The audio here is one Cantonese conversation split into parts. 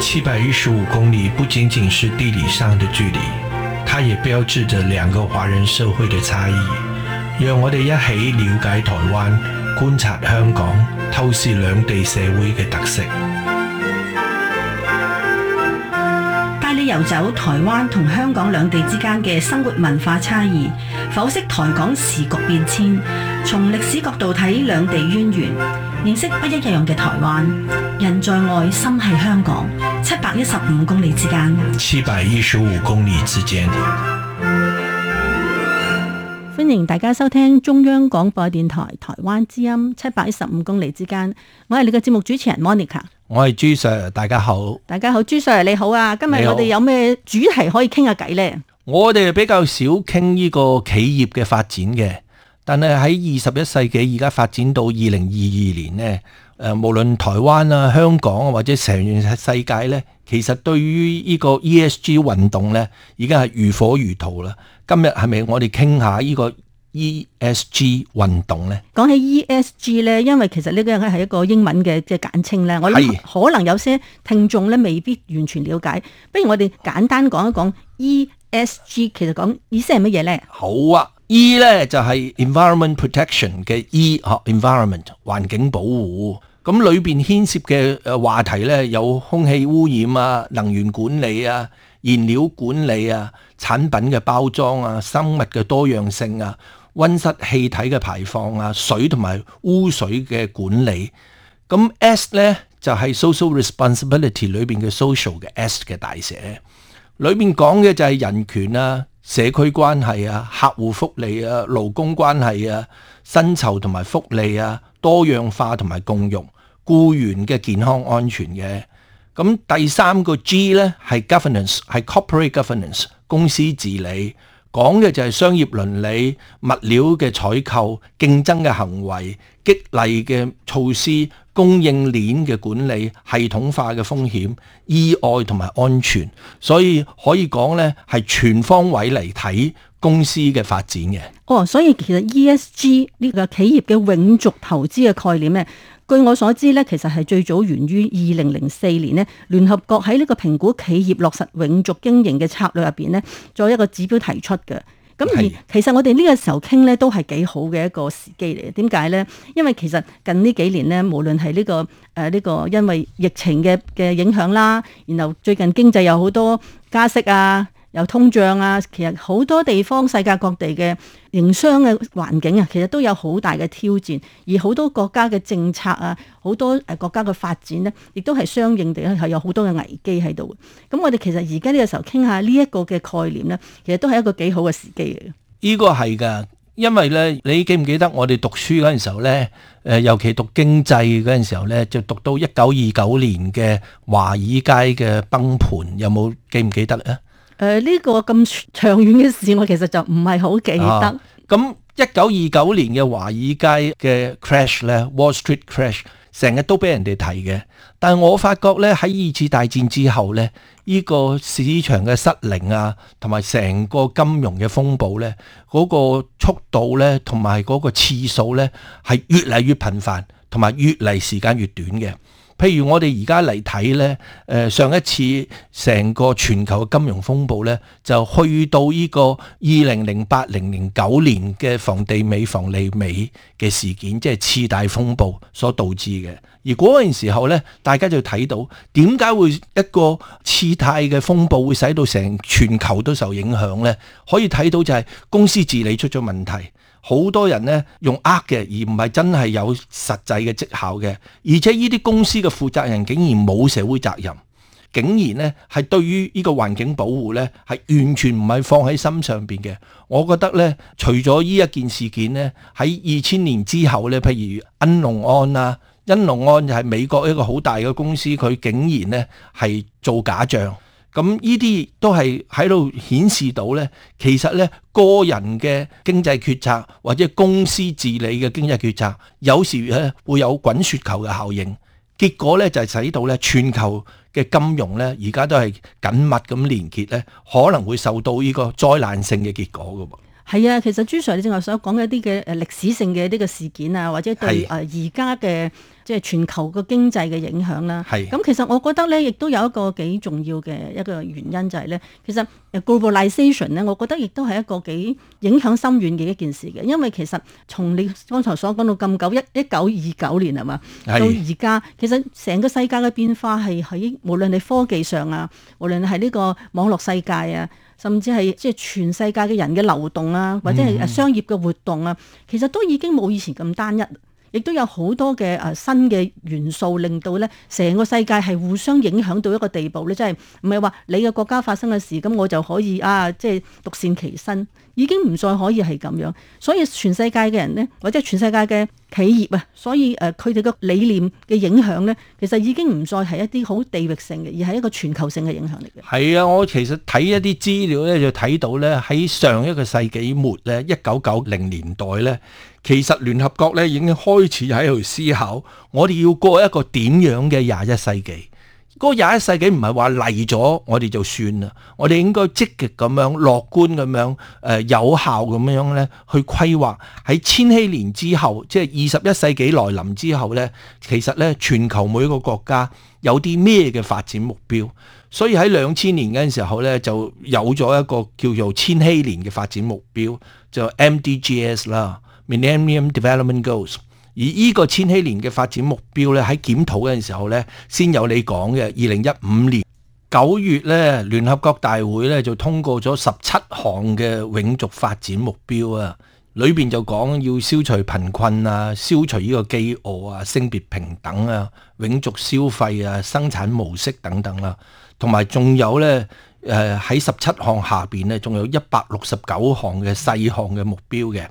七百一十五公里不僅僅是地理上的距離，它也標誌着兩個華人社會的差異。讓我哋一起了解台灣，觀察香港，透視兩地社會嘅特色，帶你遊走台灣同香港兩地之間嘅生活文化差異，剖析台港時局變遷，從歷史角度睇兩地淵源，認識不一樣嘅台灣。人在外，心繫香港。七百一十五公里之間。七百一十五公里之間。歡迎大家收聽中央廣播電台台灣之音七百一十五公里之間，我係你嘅節目主持人 Monica。我係朱 Sir，大家好。大家好，朱 Sir 你好啊！今日好我哋有咩主題可以傾下偈呢？我哋比較少傾呢個企業嘅發展嘅，但係喺二十一世紀而家發展到二零二二年呢。誒、呃、無論台灣啊、香港啊，或者成全世界咧，其實對於呢個 ESG 運動咧，已經係如火如荼啦。今日係咪我哋傾下呢個 ESG 運動呢？講起 ESG 呢，因為其實呢個係一個英文嘅即係簡稱呢，我諗可能有些聽眾咧未必完全了解，是不如我哋簡單講一講 ESG，其實講意思係乜嘢呢？好啊，E 呢就係、是、Environment Protection 嘅 E，嗬，Environment 環境保護。咁裏邊牽涉嘅誒話題咧，有空氣污染啊、能源管理啊、燃料管理啊、產品嘅包裝啊、生物嘅多樣性啊、温室氣體嘅排放啊、水同埋污水嘅管理。咁 S 咧就係 Social Responsibility 裏邊嘅 Social 嘅 S 嘅大寫，裏邊講嘅就係人權啊、社區關係啊、客戶福利啊、勞工關係啊、薪酬同埋福利啊。多樣化同埋共用雇員嘅健康安全嘅。咁第三個 G 咧，係 governance，係 corporate governance 公司治理，講嘅就係商業倫理、物料嘅採購、競爭嘅行為、激勵嘅措施、供應鏈嘅管理、系統化嘅風險、意外同埋安全。所以可以講咧，係全方位嚟睇公司嘅發展嘅。哦，所以其實 ESG 呢個企業嘅永續投資嘅概念咧，據我所知咧，其實係最早源於二零零四年咧，聯合國喺呢個評估企業落實永續經營嘅策略入邊咧，作一個指標提出嘅。咁是而其實我哋呢個時候傾咧都係幾好嘅一個時機嚟嘅。點解咧？因為其實近呢幾年咧，無論係呢個誒呢、呃這個因為疫情嘅嘅影響啦，然後最近經濟有好多加息啊。有通脹啊！其實好多地方、世界各地嘅營商嘅環境啊，其實都有好大嘅挑戰，而好多國家嘅政策啊，好多誒國家嘅發展呢、啊，亦都係相應地係有好多嘅危機喺度。咁、嗯、我哋其實而家呢個時候傾下呢一個嘅概念呢、啊，其實都係一個幾好嘅時機嚟嘅。呢個係噶，因為咧，你記唔記得我哋讀書嗰陣時候呢？誒，尤其讀經濟嗰陣時候呢，就讀到一九二九年嘅華爾街嘅崩盤，有冇記唔記得咧？誒呢個咁長遠嘅事，我其實就唔係好記得。咁一九二九年嘅華爾街嘅 crash 咧，Wall Street crash，成日都俾人哋提嘅。但係我發覺咧，喺二次大戰之後咧，呢個市場嘅失靈啊，同埋成個金融嘅風暴咧，嗰個速度咧，同埋嗰個次數咧，係越嚟越頻繁，同埋越嚟時間越短嘅。譬如我哋而家嚟睇呢，誒、呃、上一次成個全球嘅金融風暴呢，就去到呢個二零零八零零九年嘅房地美房利美嘅事件，即係次貸風暴所導致嘅。而嗰陣時候呢，大家就睇到點解會一個次貸嘅風暴會使到成全球都受影響呢？可以睇到就係公司治理出咗問題。好多人呢，用呃嘅，而唔係真係有實際嘅績效嘅，而且呢啲公司嘅負責人竟然冇社會責任，竟然呢係對於呢個環境保護呢係完全唔係放喺心上邊嘅。我覺得呢，除咗呢一件事件呢，喺二千年之後呢，譬如恩隆安啊，恩隆安就係美國一個好大嘅公司，佢竟然呢係做假帳。咁呢啲都係喺度顯示到呢，其實呢個人嘅經濟決策或者公司治理嘅經濟決策，有時呢會有滾雪球嘅效應，結果呢，就係使到呢全球嘅金融呢，而家都係緊密咁連結，呢可能會受到呢個災難性嘅結果㗎喎。係啊，其實朱 Sir 你正話所講嘅一啲嘅誒歷史性嘅呢個事件啊，或者對誒而家嘅即係全球嘅經濟嘅影響啦。係的。咁其實我覺得咧，亦都有一個幾重要嘅一個原因就係、是、咧，其實 globalization 咧，我覺得亦都係一個幾影響深遠嘅一件事嘅，因為其實從你剛才所講到咁久一一九二九年係嘛？的到而家其實成個世界嘅變化係喺無論你科技上啊，無論係呢個網絡世界啊。甚至係即係全世界嘅人嘅流動啊，或者係誒商業嘅活動啊，其實都已經冇以前咁單一。亦都有好多嘅誒新嘅元素，令到咧成個世界係互相影響到一個地步咧，即係唔係話你嘅國家發生嘅事，咁我就可以啊，即係獨善其身，已經唔再可以係咁樣。所以全世界嘅人呢，或者全世界嘅企業啊，所以誒佢哋嘅理念嘅影響咧，其實已經唔再係一啲好地域性嘅，而係一個全球性嘅影響力嘅。係啊，我其實睇一啲資料咧，就睇到咧喺上一個世紀末咧，一九九零年代咧。其實聯合國咧已經開始喺度思考，我哋要過一個點樣嘅廿一世紀？嗰廿一世紀唔係話嚟咗我哋就算啦，我哋應該積極咁樣、樂觀咁樣、誒、呃、有效咁樣咧去規劃喺千禧年之後，即係二十一世紀來臨之後咧，其實咧全球每一個國家有啲咩嘅發展目標？所以喺兩千年嗰陣時候咧，就有咗一個叫做千禧年嘅發展目標，就 MDGs 啦。《Millennium Development Goals》，而依個千禧年嘅發展目標咧，喺檢討嘅時候咧，先有你講嘅。二零一五年九月咧，聯合國大會咧就通過咗十七項嘅永續發展目標啊，裏邊就講要消除貧困啊、消除依個饑餓啊、性別平等啊、永續消費啊、生產模式等等啦，同埋仲有咧，誒喺十七項下邊咧，仲有一百六十九項嘅細項嘅目標嘅。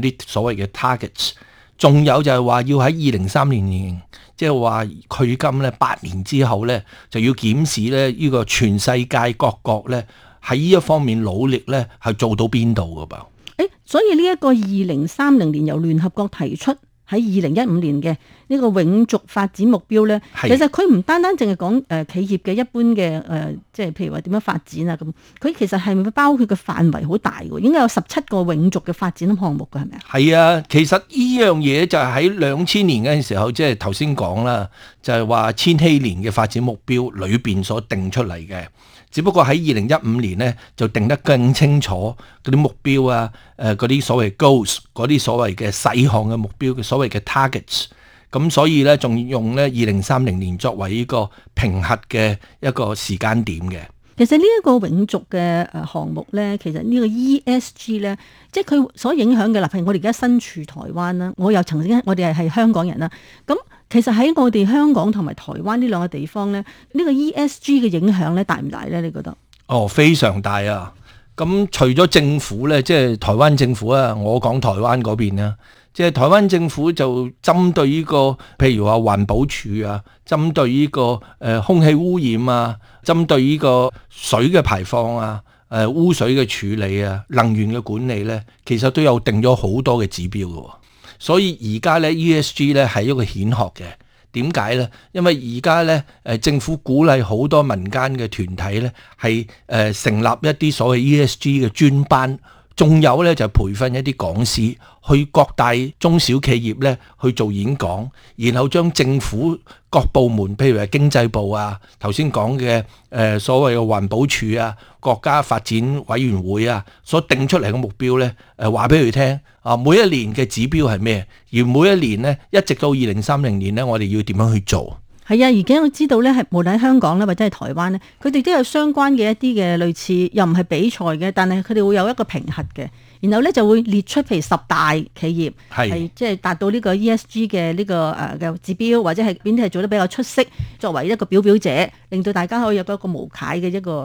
呢啲所謂嘅 targets，仲有就係話要喺二零三零年，即係話佢今呢八年之後呢，就要檢視呢呢個全世界各國呢喺呢一方面努力呢係做到邊度㗎噃。誒，所以呢一個二零三零年由聯合國提出。喺二零一五年嘅呢個永續發展目標咧，是其實佢唔單單淨係講誒企業嘅一般嘅誒，即、呃、係譬如話點樣發展啊咁，佢其實係咪包括嘅範圍好大嘅，應該有十七個永續嘅發展項目嘅，係咪啊？係啊，其實呢樣嘢就係喺兩千年嘅時候，即係頭先講啦，就係、是、話千禧年嘅發展目標裏邊所定出嚟嘅。只不過喺二零一五年呢，就定得更清楚嗰啲目標啊，誒嗰啲所謂 goals 嗰啲所謂嘅細項嘅目標嘅所謂嘅 targets，咁所以呢，仲用呢二零三零年作為呢個評核嘅一個時間點嘅。其實呢一個永續嘅誒項目呢，其實呢個 ESG 呢，即係佢所影響嘅。嗱，譬如我哋而家身處台灣啦，我又曾經我哋係香港人啦，咁。其實喺我哋香港同埋台灣呢兩個地方呢，呢個 ESG 嘅影響咧大唔大呢？你覺得？哦，非常大啊！咁除咗政府呢，即係台灣政府啊，我講台灣嗰邊啦，即係台灣政府就針對呢個，譬如話環保署啊，針對呢個誒空氣污染啊，針對呢個水嘅排放啊，誒污水嘅處理啊，能源嘅管理呢，其實都有定咗好多嘅指標㗎。所以而家咧 ESG 咧係一個顯學嘅，點解呢？因為而家咧誒政府鼓勵好多民間嘅團體咧，係誒成立一啲所謂 ESG 嘅專班。仲有呢，就培訓一啲講師去各大中小企業呢去做演講，然後將政府各部門，譬如係經濟部啊，頭先講嘅誒所謂嘅環保署啊、國家發展委員會啊，所定出嚟嘅目標呢，誒話俾佢聽啊，每一年嘅指標係咩，而每一年呢，一直到二零三零年呢，我哋要點樣去做？係啊，而家我知道咧，係無論喺香港咧，或者係台灣咧，佢哋都有相關嘅一啲嘅類似，又唔係比賽嘅，但係佢哋會有一個評核嘅，然後咧就會列出譬如十大企業係即係達到呢個 ESG 嘅呢、這個誒嘅、呃、指標，或者係邊啲係做得比較出色，作為一個表表者，令到大家可以有一個無解嘅一個誒個、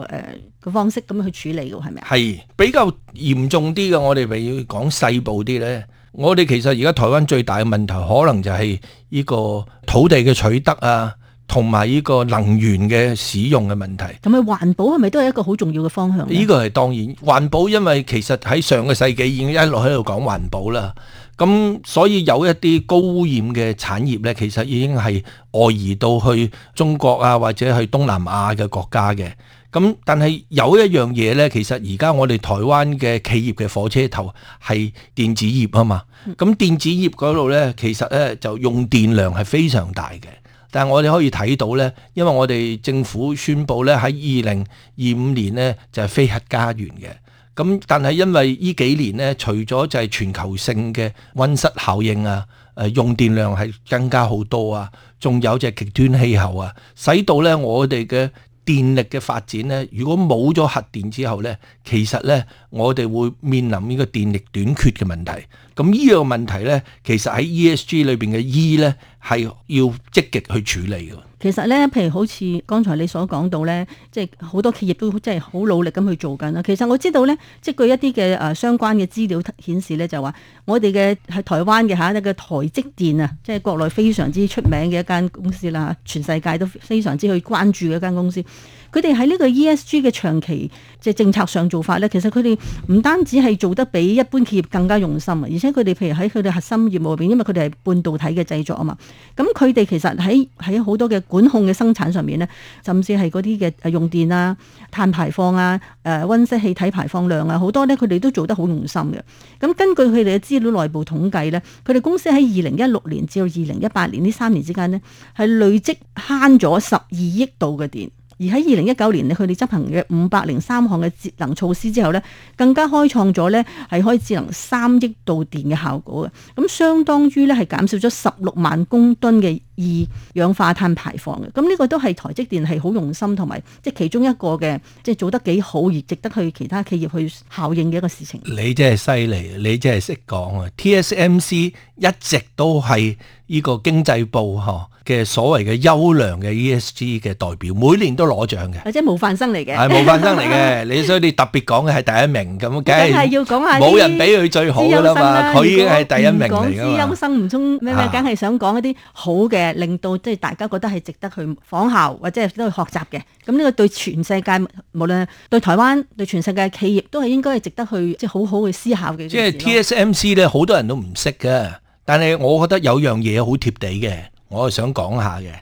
呃、方式咁去處理嘅，係咪？係比較嚴重啲嘅，我哋咪要講細部啲咧。我哋其實而家台灣最大嘅問題，可能就係呢個土地嘅取得啊，同埋呢個能源嘅使用嘅問題。咁啊，環保係咪都係一個好重要嘅方向？呢個係當然，環保因為其實喺上個世紀已經一路喺度講環保啦。咁所以有一啲高污染嘅產業呢，其實已經係外移到去中國啊，或者去東南亞嘅國家嘅。咁但係有一樣嘢呢，其實而家我哋台灣嘅企業嘅火車頭係電子業啊嘛。咁、嗯、電子業嗰度呢，其實呢就用電量係非常大嘅。但係我哋可以睇到呢，因為我哋政府宣布呢，喺二零二五年呢就係非核家園嘅。咁但係因為呢幾年呢，除咗就係全球性嘅溫室效應啊，誒用電量係增加好多啊，仲有就係極端氣候啊，使到呢我哋嘅。電力嘅發展咧，如果冇咗核電之後咧，其實咧，我哋會面臨呢個電力短缺嘅問題，咁呢樣問題咧，其實喺 ESG 裏邊嘅 E 咧係要積極去處理嘅。其實咧，譬如好似剛才你所講到咧，即係好多企業都即係好努力咁去做緊啦。其實我知道咧，即係據一啲嘅誒相關嘅資料顯示咧，就話我哋嘅喺台灣嘅嚇一個台積電啊，即係國內非常之出名嘅一間公司啦，全世界都非常之去關注嘅一間公司。佢哋喺呢個 ESG 嘅長期即係政策上做法咧，其實佢哋唔單止係做得比一般企業更加用心啊，而且佢哋譬如喺佢哋核心業務入邊，因為佢哋係半導體嘅製作啊嘛，咁佢哋其實喺喺好多嘅管控嘅生產上面咧，甚至係嗰啲嘅用電啊、碳排放啊、誒温室氣體排放量啊，好多咧佢哋都做得好用心嘅。咁根據佢哋嘅資料內部統計咧，佢哋公司喺二零一六年至到二零一八年呢三年之間咧，係累積慳咗十二億度嘅電。而喺二零一九年呢，佢哋執行嘅五百零三項嘅節能措施之後呢，更加開創咗呢，係可以節能三億度電嘅效果嘅，咁相當於呢係減少咗十六萬公噸嘅二氧化碳排放嘅，咁呢個都係台積電係好用心同埋，即係其中一個嘅即係做得幾好而值得去其他企業去效應嘅一個事情。你真係犀利，你真係識講啊！TSMC。一直都係呢個經濟部嗬嘅所謂嘅優良嘅 ESG 嘅代表，每年都攞獎嘅。或者模範生嚟嘅，模 範生嚟嘅，你所以你特別講嘅係第一名咁，梗係要講下冇人俾佢最好㗎啦嘛。佢已經係第一名嚟㗎嘛。講資優生唔中，你梗係想講一啲好嘅，令到即係大家覺得係值得去仿效或者都去學習嘅。咁呢個對全世界，無論對台灣對全世界企業都係應該係值得去即係、就是、好好去思考嘅。即係 TSMC 咧，好多人都唔識嘅。但係我覺得有樣嘢好貼地嘅，我係想講下嘅，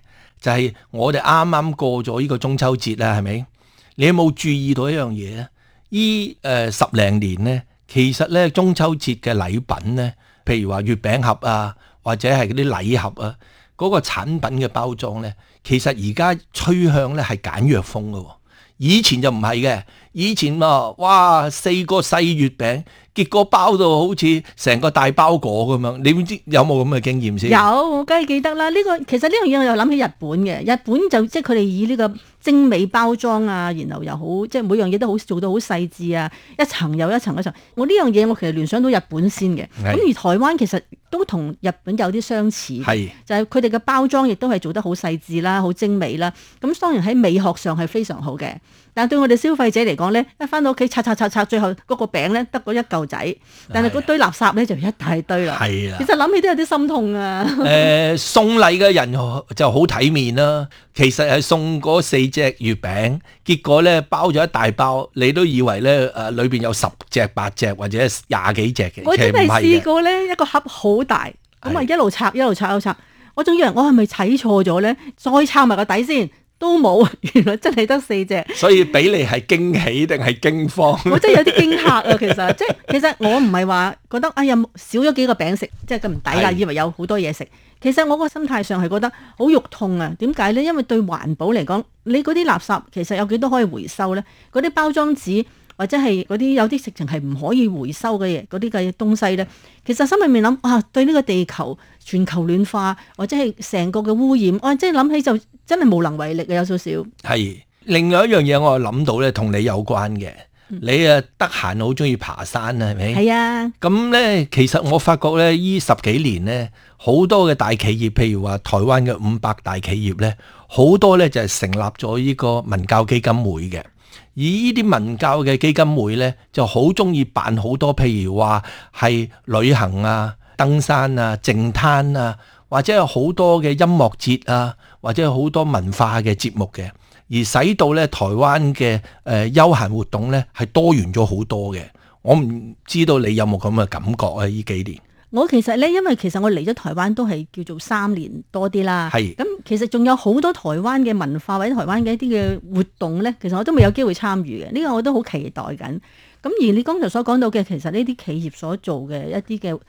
就係我哋啱啱過咗呢個中秋節啦，係咪？你有冇注意到一樣嘢呢？依誒十零年呢，其實呢，中秋節嘅禮品呢，譬如話月餅盒啊，或者係啲禮盒啊，嗰個產品嘅包裝呢，其實而家趨向呢係簡約風嘅喎。以前就唔係嘅，以前嘛，哇四個細月餅。結果包到好似成個大包裹咁樣，你邊知有冇咁嘅經驗先？有，我梗係記得啦。呢個其實呢樣嘢我又諗起日本嘅，日本就即係佢哋以呢個。精美包裝啊，然後又好，即係每樣嘢都好做得好細緻啊，一層又一層嗰層。我呢樣嘢我其實聯想到日本先嘅，咁是的 而台灣其實都同日本有啲相似，係是的 就係佢哋嘅包裝亦都係做得好細緻啦，好精美啦。咁當然喺美學上係非常好嘅，但對我哋消費者嚟講咧，一返到屋企拆拆拆拆，最後嗰個餅咧得個一嚿仔，但係嗰堆垃圾咧就一大堆啦。係啊，其實諗起都有啲心痛啊。誒，送禮嘅人就好體面啦，其實係送嗰四隻月餅，結果咧包咗一大包，你都以為咧誒裏邊有十隻、八隻或者廿幾隻嘅，我真係試過咧，一個盒好大，咁啊的一路拆一路拆一路拆，拆，我仲以為我係咪睇錯咗咧？再拆埋個底先，都冇，原來真係得四隻。所以俾你係驚喜定係驚慌？ 我真係有啲驚嚇啊！其實即係 其實我唔係話覺得哎呀少咗幾個餅食，即係咁唔抵啦，以為有好多嘢食。其實我個心態上係覺得好肉痛啊！點解咧？因為對環保嚟講，你嗰啲垃圾其實有幾多可以回收咧？嗰啲包裝紙或者係嗰啲有啲食剩係唔可以回收嘅嘢，嗰啲嘅東西咧，其實心裏面諗啊，對呢個地球全球暖化或者係成個嘅污染，我真係諗起就真係無能為力啊！有少少。係另外一樣嘢，我諗到咧，同你有關嘅。你啊，得閒好鍾意爬山啊，係咪？係啊。咁咧，其實我發覺咧，呢十幾年咧，好多嘅大企業，譬如話台灣嘅五百大企業咧，好多咧就係、是、成立咗呢個文教基金會嘅。而呢啲文教嘅基金會咧，就好鍾意辦好多，譬如話係旅行啊、登山啊、淨灘啊，或者有好多嘅音樂節啊，或者好多文化嘅節目嘅。而使到咧台灣嘅誒、呃、休閒活動咧係多元咗好多嘅，我唔知道你有冇咁嘅感覺啊？呢幾年，我其實咧因為其實我嚟咗台灣都係叫做三年多啲啦，咁是其實仲有好多台灣嘅文化或者台灣嘅一啲嘅活動咧，其實我都未有機會參與嘅，呢、這個我都好期待緊。咁而你剛才所講到嘅，其實呢啲企業所做嘅一啲嘅。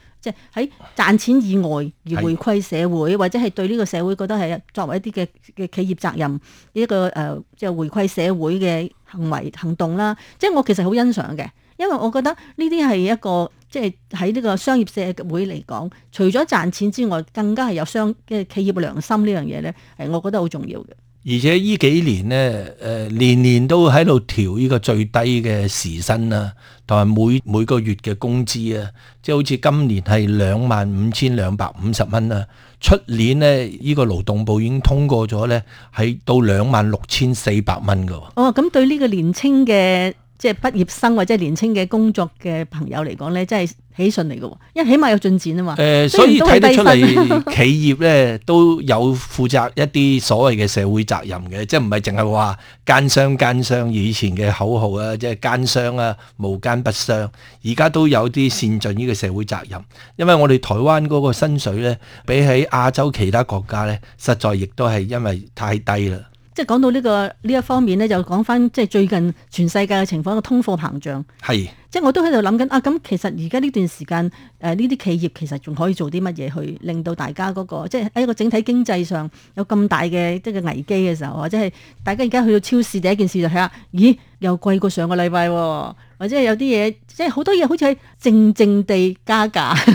喺賺錢以外而回饋社會，的或者係對呢個社會覺得係作為一啲嘅嘅企業責任，一個誒即係回饋社會嘅行為行動啦。即係我其實好欣賞嘅，因為我覺得呢啲係一個即係喺呢個商業社會嚟講，除咗賺錢之外，更加係有商嘅企業良心呢樣嘢咧。係，我覺得好重要嘅。而且呢幾年呢，誒年年都喺度調呢個最低嘅時薪啊，同埋每每個月嘅工資啊，即係好似今年係兩萬五千兩百五十蚊啊，出年呢，呢、呢個勞動部已經通過咗呢、啊，係到兩萬六千四百蚊噶。哦，咁對呢個年青嘅，即係畢業生或者年青嘅工作嘅朋友嚟講呢，真係喜訊嚟㗎，因為起碼有進展啊嘛，呃，所以睇得出嚟 企業呢都有負責一啲所謂嘅社會責任嘅， 即係唔係淨係話奸商奸商以前嘅口號啊，即係奸商啊無奸不商，而家都有啲善盡呢個社會責任。因為我哋台灣嗰個薪水呢，比起亞洲其他國家呢，實在亦都係因為太低啦。即係講到呢，這個呢一方面咧，就講翻即係最近全世界嘅情況嘅通貨膨脹。係是，即係我都喺度諗緊啊！咁其實而家呢段時間誒、呢、呃、啲企業其實仲可以做啲乜嘢去令到大家嗰、那個即係喺一個整體經濟上有咁大嘅即係危機嘅時候，或者係大家而家去到超市第一件事就睇、是、下，咦又貴過上個禮拜，哦，或者係有啲嘢，即係好多嘢好似係靜靜地加價。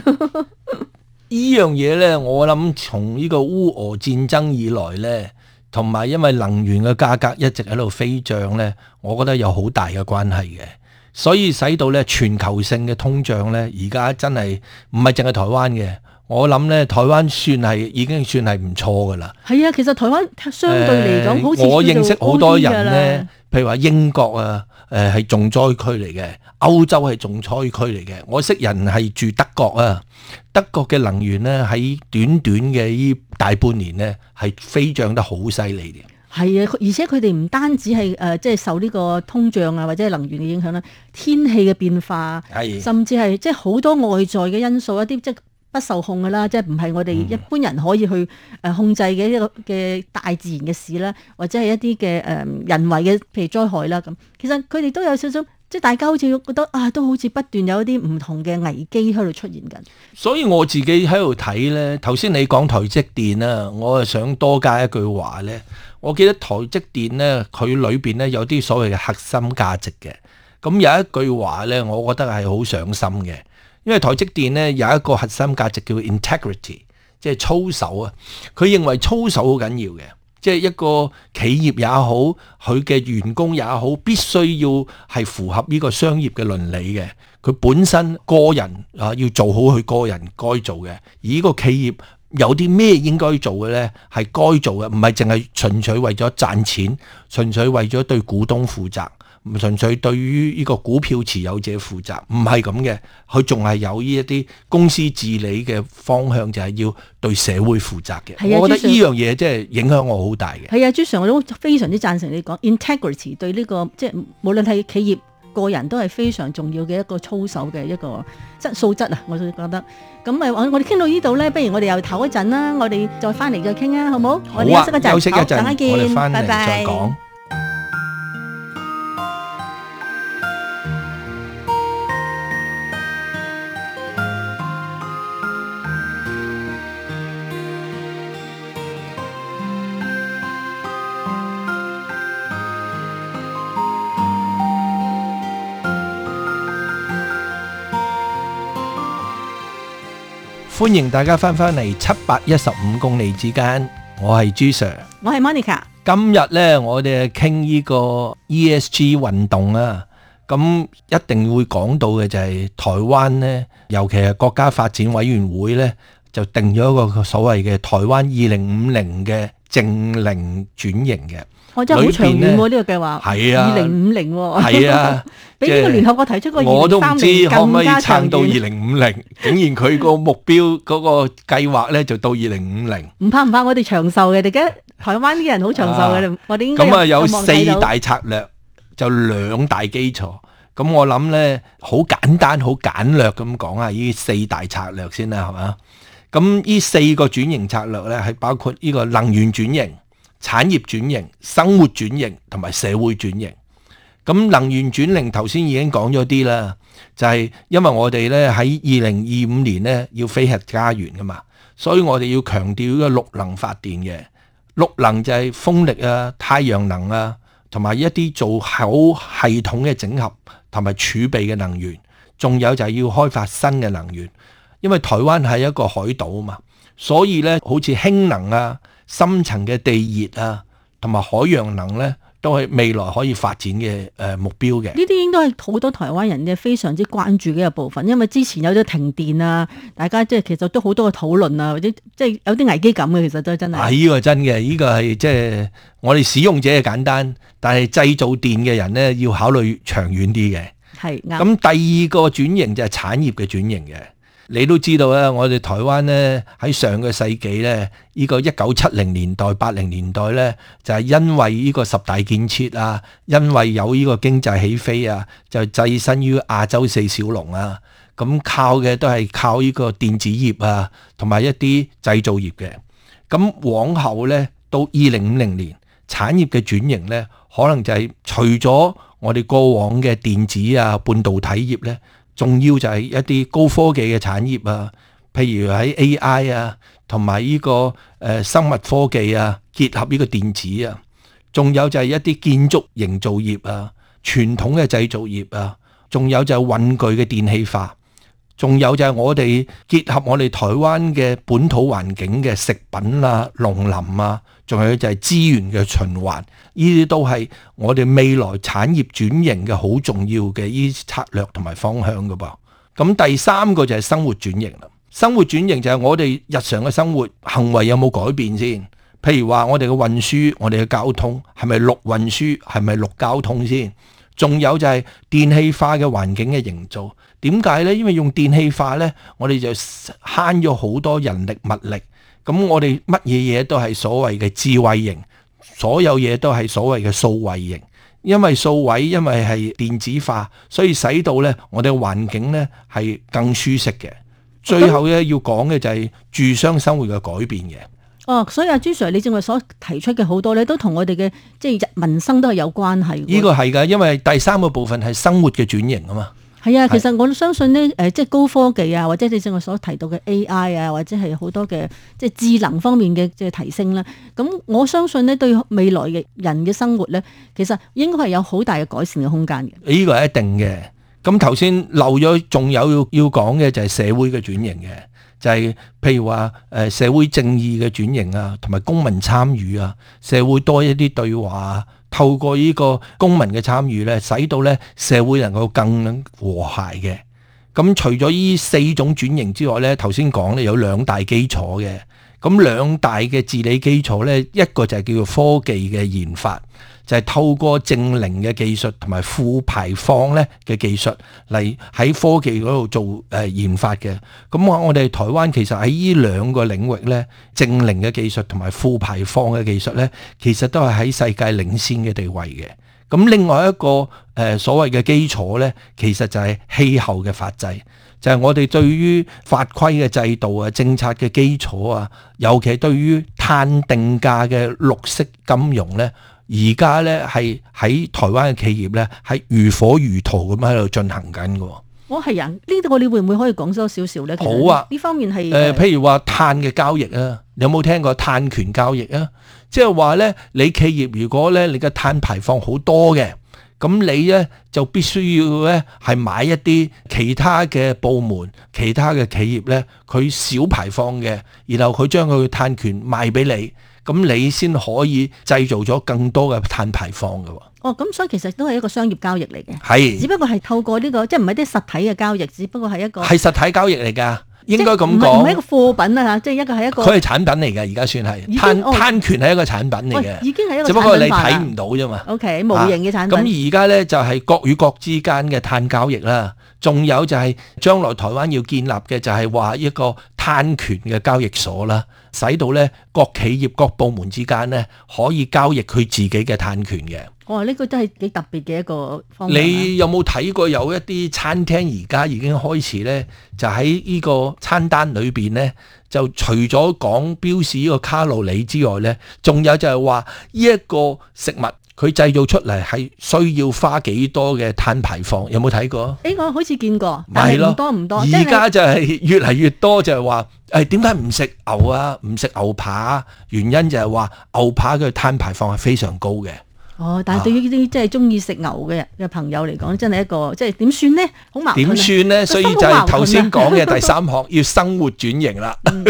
呢樣嘢咧，我諗從呢個烏俄戰爭以來咧。同埋，因為能源嘅價格一直喺度飛漲咧，我覺得有好大嘅關係嘅，所以使到咧全球性嘅通脹咧，而家真係唔係淨係台灣嘅。我諗咧，台灣算係已經算係唔錯噶啦。係啊,其實台灣相對嚟講，呃、好似我認識好多人咧。譬如話英國啊，誒、呃、係重災區嚟嘅，歐洲係重災區嚟嘅。我識人係住德國啊，德國嘅能源咧喺短短嘅呢大半年咧係飛漲得好犀利嘅。係啊，而且佢哋唔單止係誒、呃、即係受呢個通脹啊或者係能源嘅影響啦，天氣嘅變化，的甚至係即係好多外在嘅因素，一啲即不受控嘅啦，即係唔係我哋一般人可以去誒控制嘅一個嘅大自然嘅事啦，或者係一啲嘅誒人為嘅譬如災害啦咁。其實佢哋都有少少，即係大家好似覺得啊，都好似不斷有一啲唔同嘅危機喺度出現緊。所以我自己喺度睇咧，頭先你講台積電啊，我係想多加一句話咧。我記得台積電咧，佢裏邊咧有啲所謂嘅核心價值嘅。咁有一句話咧，我覺得係好上心嘅。因為台積電咧有一個核心價值叫 integrity，即係操守啊。佢認為操守好緊要嘅，即係一個企業也好，佢嘅員工也好，必須要係符合呢個商業嘅倫理嘅。佢本身個人啊要做好佢個人該做嘅，而呢個企業有啲咩應該做嘅呢？係該做嘅，唔係淨係純粹為咗賺錢，純粹為咗對股東負責。唔純粹對於呢個股票持有者負責，唔係咁嘅，佢仲係有呢一啲公司治理嘅方向，就係要對社會負責嘅。係啊，朱 Sir，我覺得呢樣嘢即係影響我好大嘅。係啊，朱 Sir，我都非常之贊成你講 integrity 對呢個即係無論係企業個人都係非常重要嘅一個操守嘅一個質素質啊，我就覺得。咁啊，我哋傾到呢度咧，不如我哋又唞一陣啦，我哋再翻嚟再傾啊，好唔好？好啊，我哋休息一陣，等一見，拜拜 bye。歡迎大家翻返嚟七百一十五公里之間，我係朱 Sir，我係 Monica。今日呢，我哋傾呢個 ESG 運動啊，咁、嗯、一定會講到嘅就係、是、台灣呢，尤其係國家發展委員會呢，就定咗一個所謂嘅台灣二零五零嘅淨零轉型嘅。我真係好長遠喎！呢個計劃，二零五零喎，係啊，俾呢個聯合國提出個二零三零更加長遠，我都唔知可唔可以撐到二零五零？竟然佢個目標嗰個計劃咧，就到二零五零。唔怕唔怕，我哋長壽嘅，而家台灣啲人好長壽嘅，我哋應該咁啊，有四大策略，就兩大基礎。咁我諗咧，好簡單、好簡略咁講啊，呢四大策略先啦，係嘛？咁呢四個轉型策略咧，係包括呢個能源轉型。產業轉型、生活轉型同埋社會轉型，咁能源轉型頭先已經講咗啲啦，就係因為我哋咧，喺二零二五年咧要非核家園嘅嘛，所以我哋要強調一個綠能發電嘅，綠能就係風力啊、太陽能啊，同埋一啲做好系統嘅整合同埋儲備嘅能源，仲有就係要開發新嘅能源，因為台灣係一個海島啊嘛，所以咧好似氫能啊。深層嘅地熱啊，同埋海洋能咧，都係未來可以發展嘅誒目標嘅。呢啲應該係好多台灣人嘅非常之關注嘅一部分，因為之前有咗停電啊，大家即係其實都好多嘅討論啊，或者即係有啲危機感嘅，其實都真係。係喎，真嘅，呢個係即係我哋使用者嘅簡單，但係製造電嘅人呢，要考慮長遠啲嘅。係，啱。咁第二個轉型就係產業嘅轉型嘅。你都知道咧，我哋台灣咧喺上個世紀咧，呢個一九七零年代、八零年代咧，就係因為呢個十大建設啊，因為有呢個經濟起飛啊，就躋身於亞洲四小龍啊。咁，嗯，靠嘅都係靠呢個電子業啊，同埋一啲製造業嘅。咁，嗯，往後咧，到二零五零年產業嘅轉型咧，可能就係除咗我哋過往嘅電子啊、半導體業咧。仲要就係一啲高科技嘅產業啊，譬如喺 A.I. 啊，同埋呢個誒、呃、生物科技啊，結合呢個電子啊，仲有就係一啲建築營造業啊，傳統嘅製造業啊，仲有就係運具嘅電氣化。仲有就係我哋結合我哋台灣嘅本土環境嘅食品啦、啊、農林啊，仲有就係資源嘅循環，呢啲都係我哋未來產業轉型嘅好重要嘅呢啲策略同埋方向噶噃。咁第三個就係生活轉型啦。生活轉型就係我哋日常嘅生活行為有冇改變先？譬如話我哋嘅運輸、我哋嘅交通係咪綠運輸、係咪綠交通先？仲有就係電氣化嘅環境嘅營造，點解呢？因為用電氣化呢，我哋就慳咗好多人力物力。咁我哋乜嘢嘢都係所謂嘅智慧型，所有嘢都係所謂嘅數位型。因為數位，因為係電子化，所以使到呢，我哋嘅環境呢係更舒適嘅。最後咧要講嘅就係住商生活嘅改變嘅。哦，所以阿朱 Sir，你正話所提出嘅好多咧，都同我哋嘅即係民生都係有關係。呢個係嘅，因為第三個部分係生活嘅轉型啊嘛。係啊，其實我相信呢，誒，即係高科技啊，或者你正話所提到嘅 AI 啊，或者係好多嘅即係智能方面嘅即係提升啦。咁我相信呢，對未來嘅人嘅生活呢，其實應該係有好大嘅改善嘅空間嘅。呢個係一定嘅。咁頭先漏咗，仲有要講嘅就係社會嘅轉型嘅。就係譬如話誒社會正義嘅轉型啊，同埋公民參與啊，社會多一啲對話，透過呢個公民嘅參與咧，使到咧社會能夠更能和諧嘅。咁、嗯、除咗呢四種轉型之外咧，頭先講咧有兩大基礎嘅，咁兩大嘅治理基礎咧，一個就係叫做科技嘅研發。就係透過淨零嘅技術同埋負排放咧嘅技術嚟喺科技嗰度做誒研發嘅。咁我哋台灣其實喺呢兩個領域咧，淨零嘅技術同埋負排放嘅技術咧，其實都係喺世界領先嘅地位嘅。咁另外一個誒所謂嘅基礎咧，其實就係氣候嘅法制，就係我哋對於法規嘅制度啊、政策嘅基礎啊，尤其係對於碳定價嘅綠色金融咧。而家咧係喺台灣嘅企業咧係如火如荼咁喺度進行緊嘅。我係人呢度，我哋會唔會可以講多少少咧？好啊，呢方面係誒，譬如話碳嘅交易啊，你有冇聽過碳權交易啊？即係話咧，你企業如果咧你嘅碳排放好多嘅，咁你咧就必須要咧係買一啲其他嘅部門、其他嘅企業咧，佢少排放嘅，然後佢將佢嘅碳權賣俾你。咁你先可以製造咗更多嘅碳排放嘅喎。哦，咁、哦、所以其實都係一個商業交易嚟嘅。係是。只不過係透過呢、這個，即係唔係啲實體嘅交易，只不過係一個。係實體交易嚟噶，應該咁講。唔係一個貨品啊，即係一個係一個。佢係產品嚟嘅，而家算係碳碳權係一個產品嚟嘅、哦。已經一個。只不過你睇唔到啫嘛。O K，無形嘅產品。咁而家咧就係國與國之間嘅碳交易啦，仲有就係將來台灣要建立嘅就係話一個。碳權嘅交易所啦，使到呢各企業、各部門之間呢，可以交易佢自己嘅碳權嘅。哦，呢個都係幾特別嘅一個方式。你有冇睇過有一啲餐廳而家已經開始呢？就喺呢個餐單裏邊呢，就除咗講標示呢個卡路里之外呢，仲有就係話呢一個食物。佢製造出嚟，係需要花幾多嘅碳排放，有冇睇過？誒、欸，我好似見過，但係多唔多？而家就係越嚟越多就，就係話誒，點解唔食牛啊？唔食牛扒，啊？原因就係話牛扒嘅碳排放係非常高嘅。哦，但係對呢啲即係中意食牛嘅嘅朋友嚟講，啊、真係一個即係點算呢？好矛盾點算呢？所以就係頭先講嘅第三項， 要生活轉型啦、 嗯。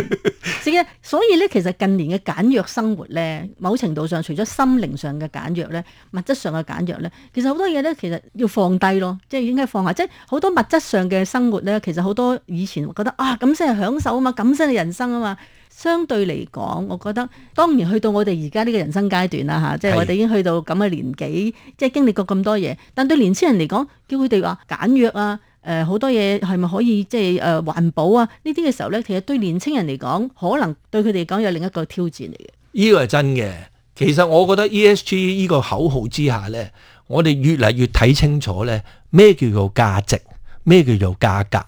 所以咧，所以其實近年嘅簡約生活咧，某程度上除咗心靈上嘅簡約咧，物質上嘅簡約咧，其實好多嘢咧，其實要放低咯，即係應該放下，即係好多物質上嘅生活咧，其實好多以前覺得啊，咁先係享受啊嘛，咁先係人生啊嘛。相對嚟講，我覺得當然去到我哋而家呢個人生階段啦吓，是即係我哋已經去到咁嘅年紀，即係經歷過咁多嘢。但對年輕人嚟講，叫佢哋話簡約啊，誒、呃，好多嘢係咪可以即係誒環保啊？呢啲嘅時候呢，其實對年輕人嚟講，可能對佢哋講有另一個挑戰嚟嘅。呢個係真嘅。其實我覺得 ESG 呢個口號之下呢，我哋越嚟越睇清楚呢，咩叫做價值，咩叫做價格。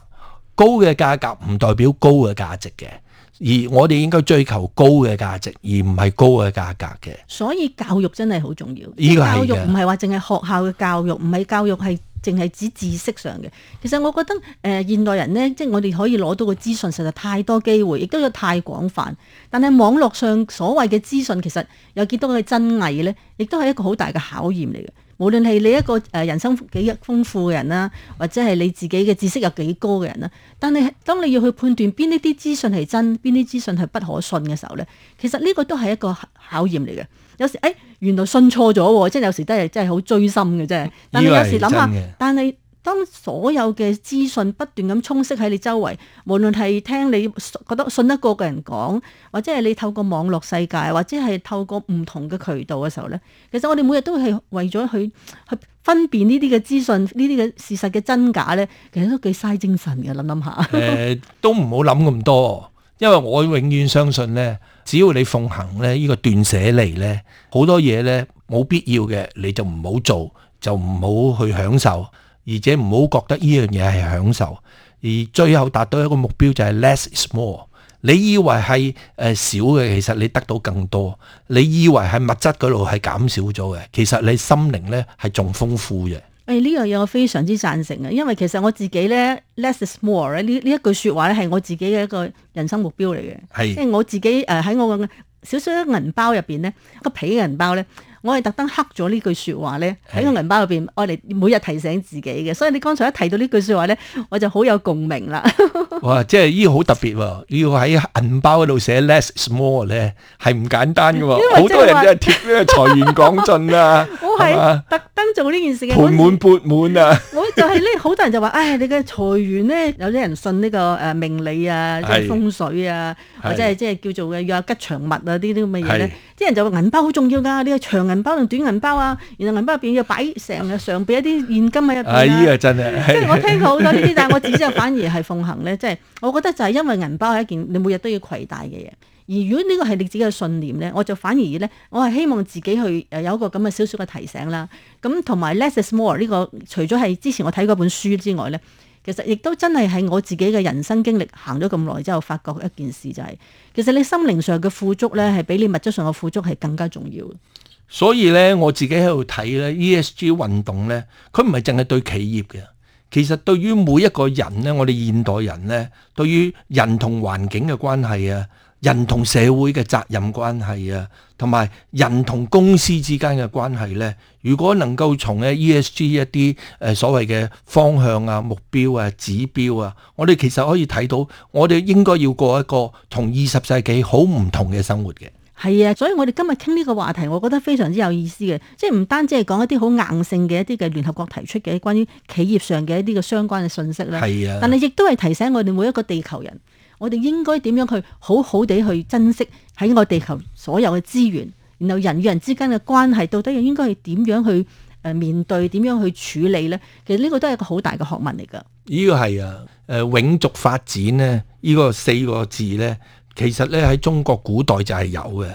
高嘅價格唔代表高嘅價值嘅。而我哋應該追求高嘅價值，而唔係高嘅價格嘅。所以教育真係好重要。依個係嘅。教育唔係話淨係學校嘅教育，唔係教育係淨係指知識上嘅。其實我覺得誒、呃、現代人咧，即係我哋可以攞到嘅資訊，實在太多機會，亦都有太廣泛。但係網絡上所謂嘅資訊，其實有幾多嘅真偽咧，亦都係一個好大嘅考驗嚟嘅。無論係你一個誒人生幾豐富嘅人啦，或者係你自己嘅知識又幾高嘅人啦，但係當你要去判斷邊一啲資訊係真，邊啲資訊係不可信嘅時候咧，其實呢個都係一個考驗嚟嘅。有時誒、哎，原來信錯咗，即係有時都係真係好追心嘅啫。但你有時諗下，但係。當所有嘅資訊不斷咁充斥喺你周圍，無論係聽你覺得信得過嘅人講，或者係你透過網絡世界，或者係透過唔同嘅渠道嘅時候咧，其實我哋每日都係為咗去去分辨呢啲嘅資訊、呢啲嘅事實嘅真假咧，其實都幾嘥精神嘅。諗諗下，誒、 呃、都唔好諗咁多，因為我永遠相信咧，只要你奉行咧呢個斷捨離咧，好多嘢咧冇必要嘅你就唔好做，就唔好去享受。而且唔好覺得呢樣嘢係享受，而最後達到一個目標就係 less is more。你以為係誒少嘅，其實你得到更多。你以為喺物質嗰度係減少咗嘅，其實你心靈咧係仲豐富嘅。誒呢樣嘢我非常之贊成啊，因為其實我自己咧 less is more 咧呢呢一句説話咧係我自己嘅一個人生目標嚟嘅。係即係我自己誒喺、呃、我嘅小少銀包入邊咧個皮銀包咧。我係特登刻咗呢句説話咧喺個銀包入邊，我哋每日提醒自己嘅。所以你剛才一提到呢句説話咧，我就好有共鳴啦。 哇！即係呢個好特別喎，要喺銀包嗰度寫 less is more 咧，係唔簡單嘅喎。因為好多人都係貼呢個財源廣進啦。我係特登做呢件事嘅。盆滿缽滿啊！ 我就係、是、呢，好多人就話：唉、哎，你嘅財源咧，有啲人信呢個誒命理啊、即係、風水啊，的的或者係即係叫做嘅要有吉祥物啊，呢啲咁嘅嘢咧。啲人就話銀包好重要噶，呢個長銀包同短銀包啊，然後銀包入邊要擺成日常備一啲現金喺入邊啊！呢個真啊，即係我聽過好多呢啲， 但係我自己就反而係奉行咧，即係我覺得就係因為銀包係一件你每日都要攜帶嘅嘢，而如果呢個係你自己嘅信念咧，我就反而咧，我係希望自己去誒有一個咁嘅少少嘅提醒啦。咁同埋 less is more 呢個，除咗係之前我睇嗰本書之外咧。其實亦都真係喺我自己嘅人生經歷行咗咁耐之後，發覺一件事就係，其實你心靈上嘅富足咧，係比你物質上嘅富足係更加重要。所以咧，我自己喺度睇咧，ESG 運動咧，佢唔係淨係對企業嘅，其實對於每一個人咧，我哋現代人咧，對於人同環境嘅關係啊。人同社會嘅責任關係啊，同埋人同公司之間嘅關係呢，如果能夠從嘅 ESG 一啲誒所謂嘅方向啊、目標啊、指標啊，我哋其實可以睇到，我哋應該要過一個同二十世紀好唔同嘅生活嘅。係啊，所以我哋今日傾呢個話題，我覺得非常之有意思嘅，即係唔單止係講一啲好硬性嘅一啲嘅聯合國提出嘅關於企業上嘅一啲嘅相關嘅信息啦。係啊，但係亦都係提醒我哋每一個地球人。我哋應該點樣去好好地去珍惜喺我地球所有嘅資源，然後人與人之間嘅關係到底又應該係點樣去誒面對、點樣去處理咧？其實呢個都係一個好大嘅學問嚟噶。呢個係啊，誒、呃、永續發展呢。呢、呢個四個字咧，其實咧喺中國古代就係有嘅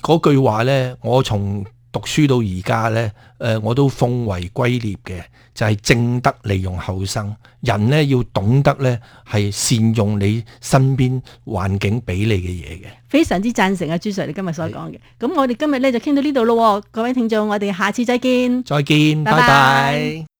嗰句話咧，我從。讀書到而家呢，誒、呃、我都奉為圭臬嘅，就係、是、正德利用後生人呢，要懂得呢係善用你身邊環境俾你嘅嘢嘅。非常之贊成啊，朱 Sir 你今日所講嘅。咁是我哋今日呢就傾到呢度咯，各位聽眾，我哋下次再見。再見，拜拜 bye。Bye bye